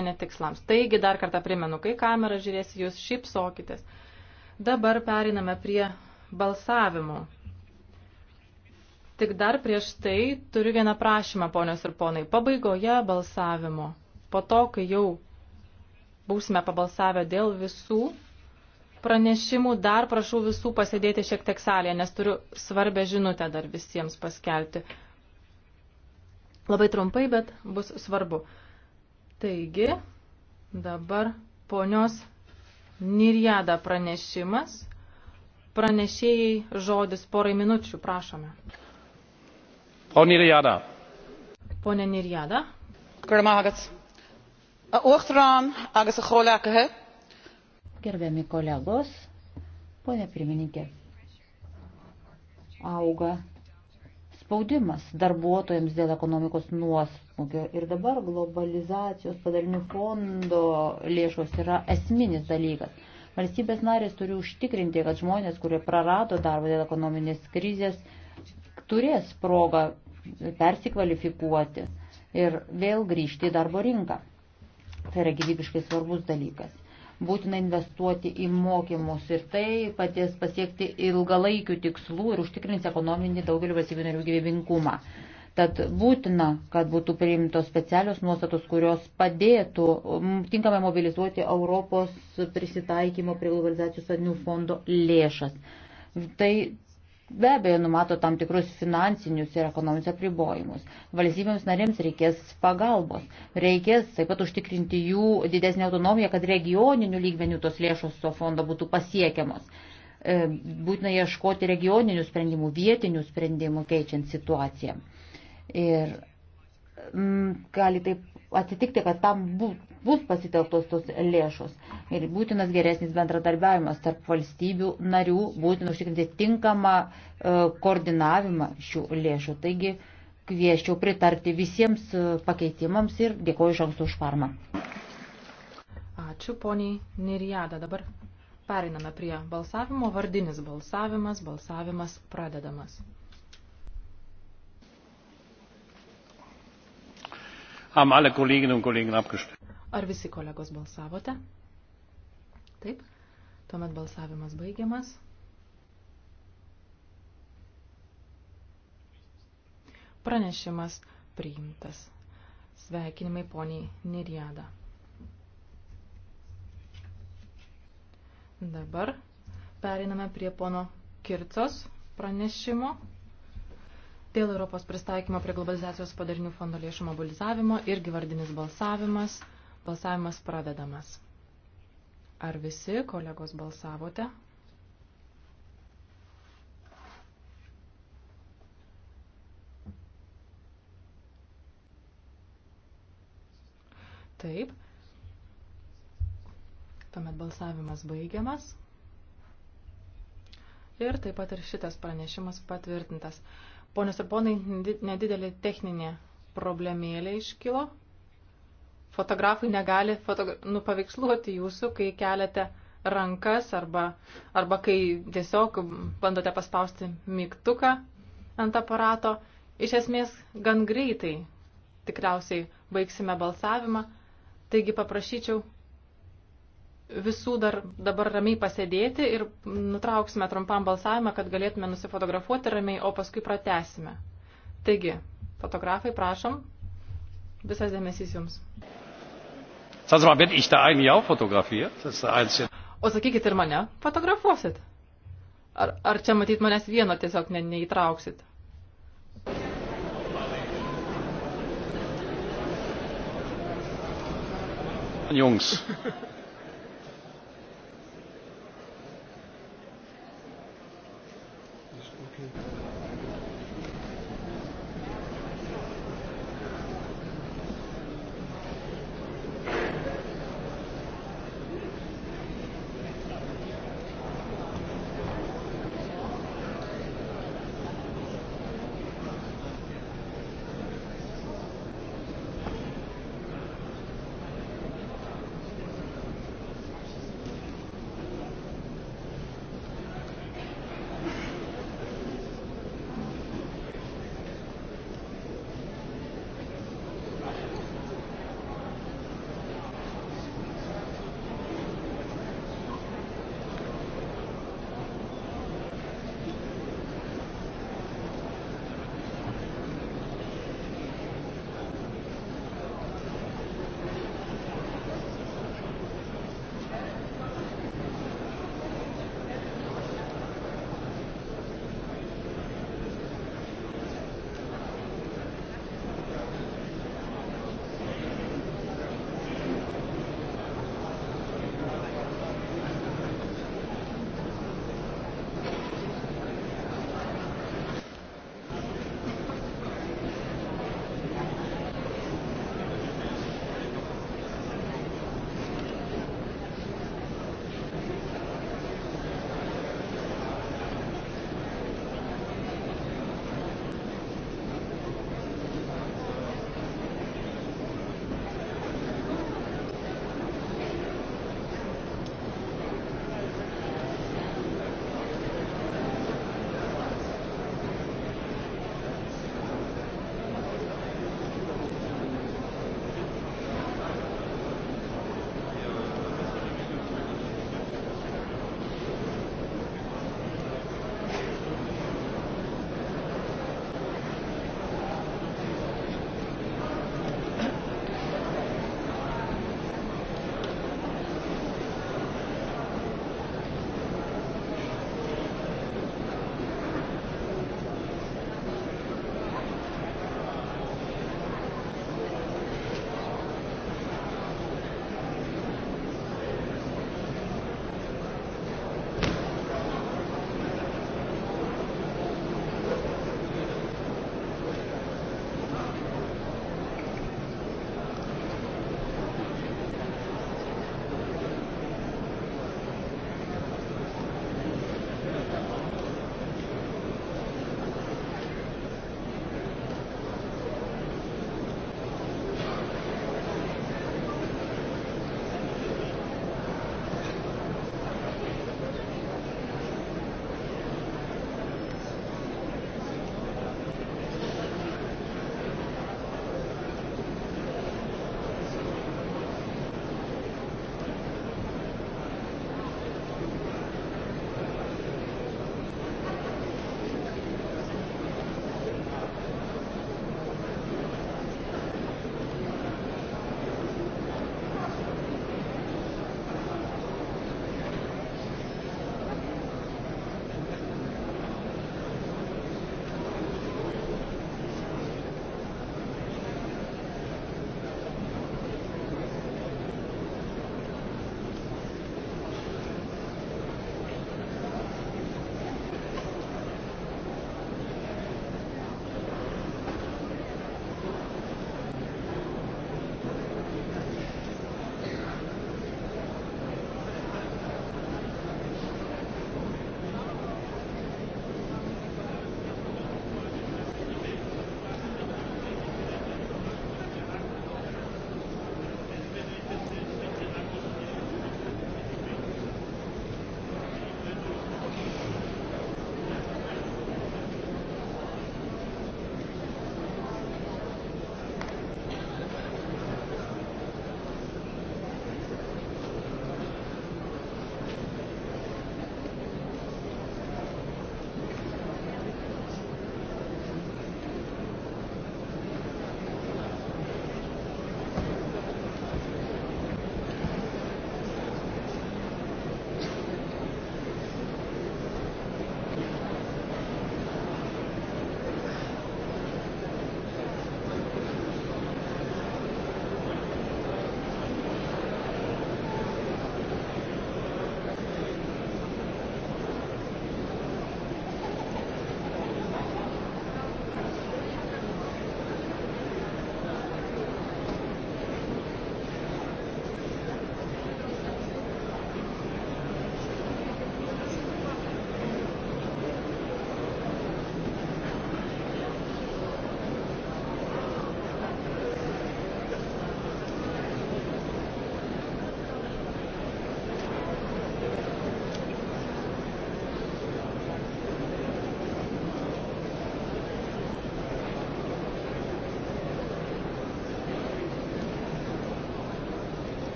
netikslams. Taigi dar kartą primenu, kai kamera žiūrės, jūs šypsokitės. Dabar periname prie balsavimo. Tik dar prieš tai turiu vieną prašymą, ponios ir ponai. Pabaigoje balsavimo, po to, kai jau būsime pabalsavę dėl visų pranešimų, dar prašau visų pasėdėti šiek tiek salėje, nes turiu svarbę žinutę dar visiems paskelbti. Labai trumpai, bet bus svarbu. Taigi, dabar ponios Nirjada pranešimas. Pranešėjai žodis porai minučių, prašome. Frau Nirjada. Pone Nirjada. Gerbiami kolegos, ponė pirmininkė, auga spaudimas darbuotojams dėl ekonomikos nuosmukio. Ir dabar globalizacijos padalinių fondo lėšos yra esminis dalykas. Valstybės narės turi užtikrinti, kad žmonės, kurie prarado darbą dėl ekonominės krizės, turės progą persikvalifikuoti ir vėl grįžti į darbo rinką. Tai yra gyvybiškai svarbus dalykas būtina investuoti į mokymus ir tai padės pasiekti ilgalaikių tikslų ir užtikrins ekonominį daugelį valstybių narių gyvybingumą. Tad būtina, kad būtų priimtos specialios nuostatos, kurios padėtų tinkamai mobilizuoti Europos prisitaikymo prie globalizacijos fondų lėšas. Tai be abejo numato tam tikrus finansinius ir ekonominius apribojimus. Valstybėms narėms reikės pagalbos, reikės taip pat užtikrinti jų didesnį autonomiją, kad regioninių lygmenių tos lėšos to fondo būtų pasiekiamos. E, būtina ieškoti regioninių sprendimų, vietinių sprendimų keičiant situaciją. Ir m, mm, gali taip atsitikti, kad tam būt, bus pasitelktos tos lėšos. Ir būtinas geresnis bendradarbiavimas tarp valstybių narių, būtina užtikrinti tinkamą e, koordinavimą šių lėšų. Taigi kvieščiau pritarti visiems e, pakeitimams ir dėkoju iš anksto už parmą. Ačiū poniai Niriada. Dabar periname prie balsavimo. Vardinis balsavimas, balsavimas pradedamas. haben alle kolleginnen und kollegen abgestimmt. Ar visi kolegos balsavote? Taip. Tuomet balsavimas baigiamas. Pranešimas priimtas. Sveikinimai poniai Niriada. Dabar periname prie pono Kircos pranešimo dėl Europos pristaikymo prie globalizacijos padarinių fondo lėšų mobilizavimo ir gyvardinis balsavimas. Balsavimas pradedamas. Ar visi kolegos balsavote? Taip. Tuomet balsavimas baigiamas. Ir taip pat ir šitas pranešimas patvirtintas. Ponios ir ponai, nedidelė techninė problemėlė iškilo fotografai negali fotogra nupaveiksluoti jūsų, kai keliate rankas arba, arba kai tiesiog bandote paspausti mygtuką ant aparato. Iš esmės, gan greitai tikriausiai baigsime balsavimą, taigi paprašyčiau visų dar dabar ramiai pasėdėti ir nutrauksime trumpam balsavimą, kad galėtume nusifotografuoti ramiai, o paskui pratesime. Taigi, fotografai, prašom, visas dėmesys jums. Sagen Sie mal, bin ich da eigentlich auch fotografiert? Das ist der einzige. O sakykit ir mane, fotografuosit. Ar, ar čia matyt manęs vieno tiesiog ne, neįtrauksit? Jungs.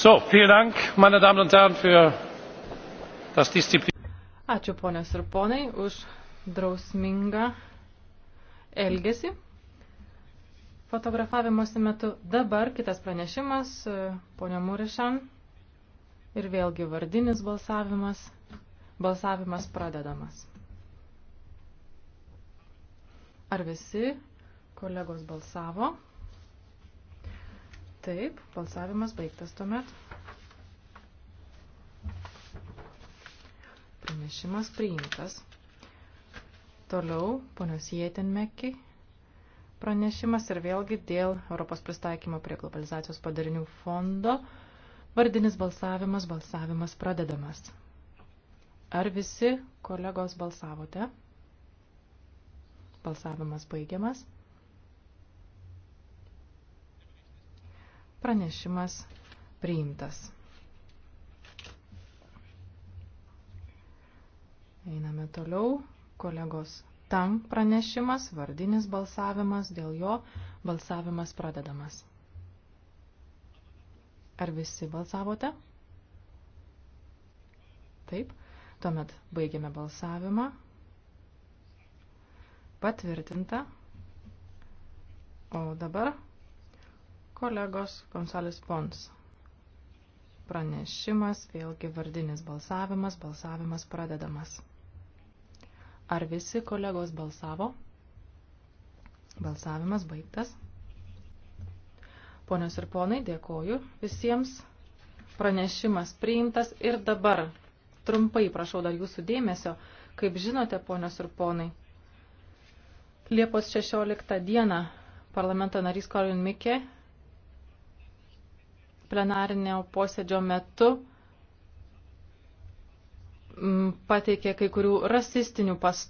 So, vielen Dank, meine Damen und Herren, für das Disziplin. Ačiū ponios ir ponai už drausmingą elgesį fotografavimuose metu. Dabar kitas pranešimas, e, ponia Murišan, ir vėlgi vardinis balsavimas. Balsavimas pradedamas. Ar visi kolegos balsavo? Taip, balsavimas baigtas tuomet. Pranešimas priimtas. Toliau, ponios Jėtenmekį, pranešimas ir vėlgi dėl Europos pristaikymo prie globalizacijos padarinių fondo vardinis balsavimas, balsavimas pradedamas. Ar visi kolegos balsavote? Balsavimas baigiamas. Pranešimas priimtas. Einame toliau. Kolegos Tang pranešimas, vardinis balsavimas, dėl jo balsavimas pradedamas. Ar visi balsavote? Taip. Tuomet baigiame balsavimą. Patvirtinta. O dabar Kolegos Gonsalės Pons. Pranešimas, vėlgi vardinis balsavimas, balsavimas pradedamas. Ar visi kolegos balsavo? Balsavimas baigtas. Ponios ir ponai, dėkoju visiems. Pranešimas priimtas ir dabar. Trumpai prašau dar jūsų dėmesio. Kaip žinote, ponios ir ponai, Liepos 16 dieną parlamento narys Korin Mikė plenarinio posėdžio metu pateikė kai kurių rasistinių pastabų.